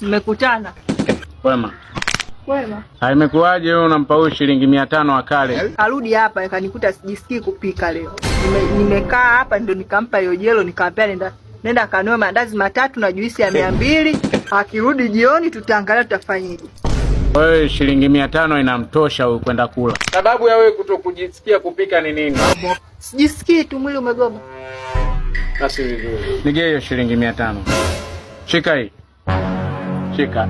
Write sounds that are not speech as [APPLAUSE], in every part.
Mmekutana wema? Wema. Imekuwaje wewe unampa huyu shilingi mia tano akale? Karudi hapa ikanikuta sijisikii kupika leo, nimekaa nime hapa ndio nikampa hiyo jelo, nikaambia nenda nenda kanue mandazi matatu na juisi ya mia mbili akirudi jioni tutaangalia tutafanyaje. Wewe shilingi mia tano inamtosha huyu kwenda kula. Sababu ya wewe kutokujisikia kupika ni nini? Sijisikii tu, mwili umegoma. Basi vizuri. Nige hiyo shilingi mia tano. Shika hii. Shika.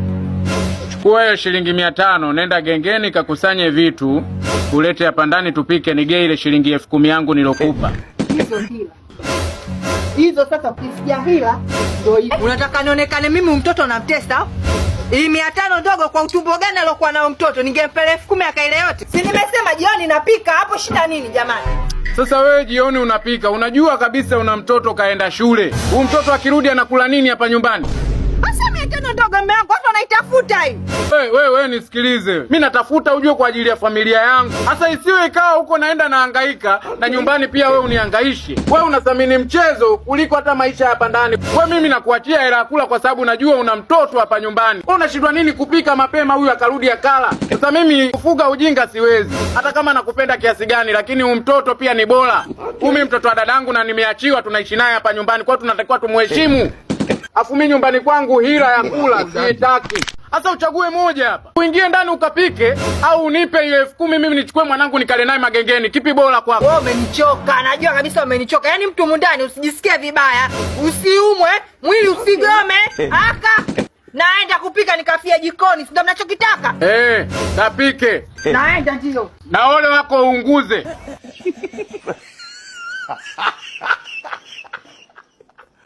Chukua hiyo shilingi mia tano, nenda gengeni kakusanye vitu, ulete hapa ndani tupike, nige ile shilingi elfu kumi yangu nilokupa. Hizo hila. Hizo sasa ukisikia hila ndio hizo. Unataka nionekane mimi mtoto na mtesa? Hii mia tano ndogo kwa utumbo gani alokuwa nao mtoto? Ningempelea elfu kumi akaile yote. Si nimesema jioni napika, hapo shida nini jamani? Sasa wewe jioni unapika, unajua kabisa una mtoto kaenda shule. huu mtoto akirudi anakula nini hapa nyumbani? tena ndogo yangu watu wanaitafuta hii. Wewe wewe we, nisikilize. Mimi natafuta ujue kwa ajili ya familia yangu. Sasa isiwe ikawa huko naenda naangaika na nyumbani pia wewe uniangaishi. Wewe unathamini mchezo kuliko hata maisha hapa ndani. Wewe mimi nakuachia hela kula kwa sababu najua una mtoto hapa nyumbani. Wewe unashindwa nini kupika mapema huyu akarudi akala? Sasa mimi kufuga ujinga siwezi. Hata kama nakupenda kiasi gani lakini huyu mtoto pia ni bora. umi mtoto wa dadangu na nimeachiwa tunaishi naye hapa nyumbani. Kwa hiyo tunatakiwa afu mimi nyumbani kwangu hila ya kula siitaki. Sasa uchague moja hapa, uingie ndani ukapike au unipe hiyo elfu kumi mimi nichukue mwanangu nikale naye magengeni. Kipi bora kwako wewe? Umenichoka, najua kabisa umenichoka. Yaani mtu mundani, usijisikie vibaya, usiumwe mwili, usigome [LAUGHS] aka naenda kupika nikafia jikoni, si ndo mnachokitaka eh? Napike naenda, ndio na ole wako unguze [LAUGHS]